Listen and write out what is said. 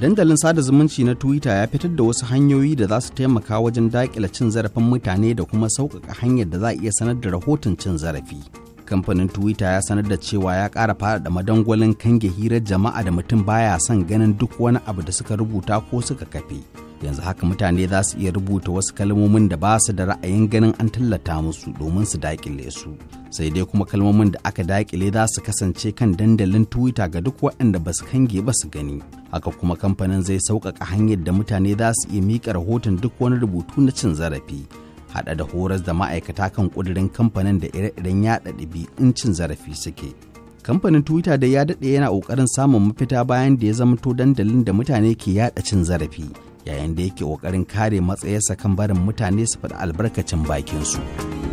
dandalin sada zumunci na twitter ya fitar da wasu hanyoyi da za su taimaka wajen daƙila cin zarafin mutane da kuma sauƙaƙa hanyar da za a iya sanar da rahoton cin zarafi kamfanin twitter ya sanar da cewa ya ƙara faɗaɗa madangwalin kange hirar jama'a da mutum baya son ganin duk wani abu da suka rubuta ko suka kafe yanzu haka mutane za su iya rubuta wasu kalmomin da ba su da ra'ayin ganin an tallata musu domin su dakile su sai dai kuma kalmomin da aka daƙile za su kasance kan dandalin twitter ga duk waɗanda ba su kange ba su gani haka kuma kamfanin zai sauƙaƙa hanyar da mutane za su iya miƙa rahoton duk wani rubutu na cin zarafi haɗa da horas da ma'aikata kan ƙudurin kamfanin da ire-iren yaɗa in cin zarafi suke kamfanin twitter da ya daɗe yana ƙoƙarin samun mafita bayan da ya to dandalin da mutane ke yaɗa cin zarafi yayin da yake ƙoƙarin kare matsayarsa kan barin mutane su faɗi albarkacin bakinsu. su.